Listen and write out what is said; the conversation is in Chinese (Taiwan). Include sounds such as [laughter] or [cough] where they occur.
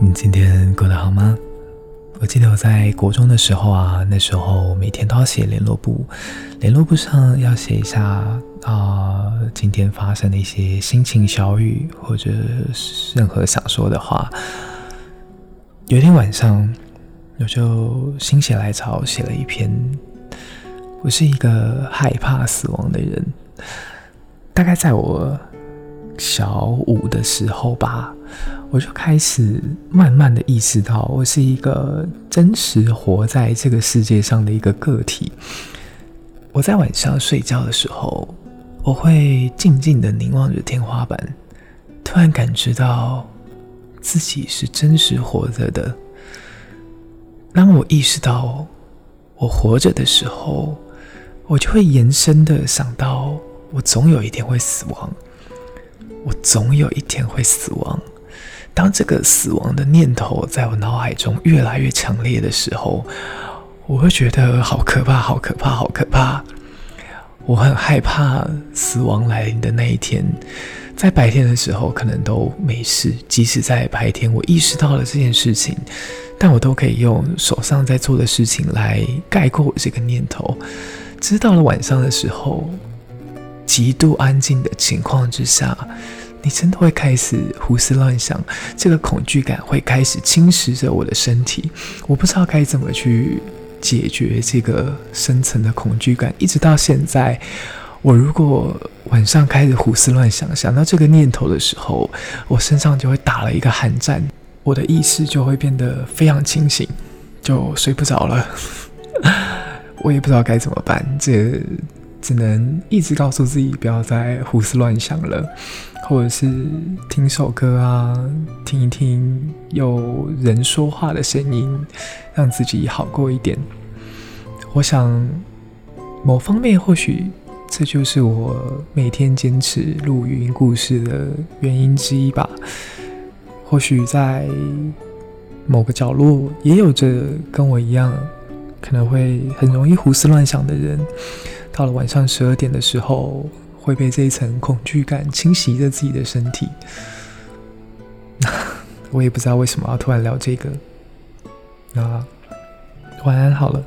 你今天過得好嗎？我記得我在國中的時候啊，那時候每天都要寫聯絡簿，聯絡簿上要寫一下啊、呃，今天發生的一些心情小語或者任何想說的話。有一天晚上，我就心血來潮寫了一篇。我是一個害怕死亡的人，大概在我，小五的時候吧，我就開始慢慢的意識到，我是一個真實活在這個世界上的一個個體。我在晚上睡覺的時候，我會靜靜的凝望着天花板，突然感覺到自己是真實活着的。當我意識到我活着的時候，我就會延伸的想到，我總有一天會死亡。我總有一天會死亡。當這個死亡的念頭在我腦海中越來越強烈的時候，我會覺得好可怕，好可怕，好可怕。我很害怕死亡來臨的那一天。在白天的時候，可能都沒事，即使在白天我意識到了這件事情，但我都可以用手上在做的事情來概括這個念頭。直到了晚上的時候。極度安靜，的情況之下，你真的會開始胡思亂想，這個恐懼感會開始侵蝕着我的身體。我不知道該怎麼去解決這個深層的恐懼感。一直到現在，我如果晚上開始胡思亂想，想到這個念頭的時候，我身上就會打了一個寒顫，我的意識就會變得非常清醒，就睡不着了。 [laughs] 我也不知道該怎麼辦，這。只能一直告訴自己不要再胡思亂想了，或者是聽首歌啊，聽一聽有人說話的聲音，讓自己好過一點。我想，某方面或許這就是我每天堅持錄語音故事的原因之一吧。或許在某個角落也有着跟我一樣，可能會很容易胡思亂想的人，到了晚上十二點的時候，會被這一層恐懼感侵襲着自己的身體。 [laughs] 我也不知道為什麼要突然聊這個。那晚安好了。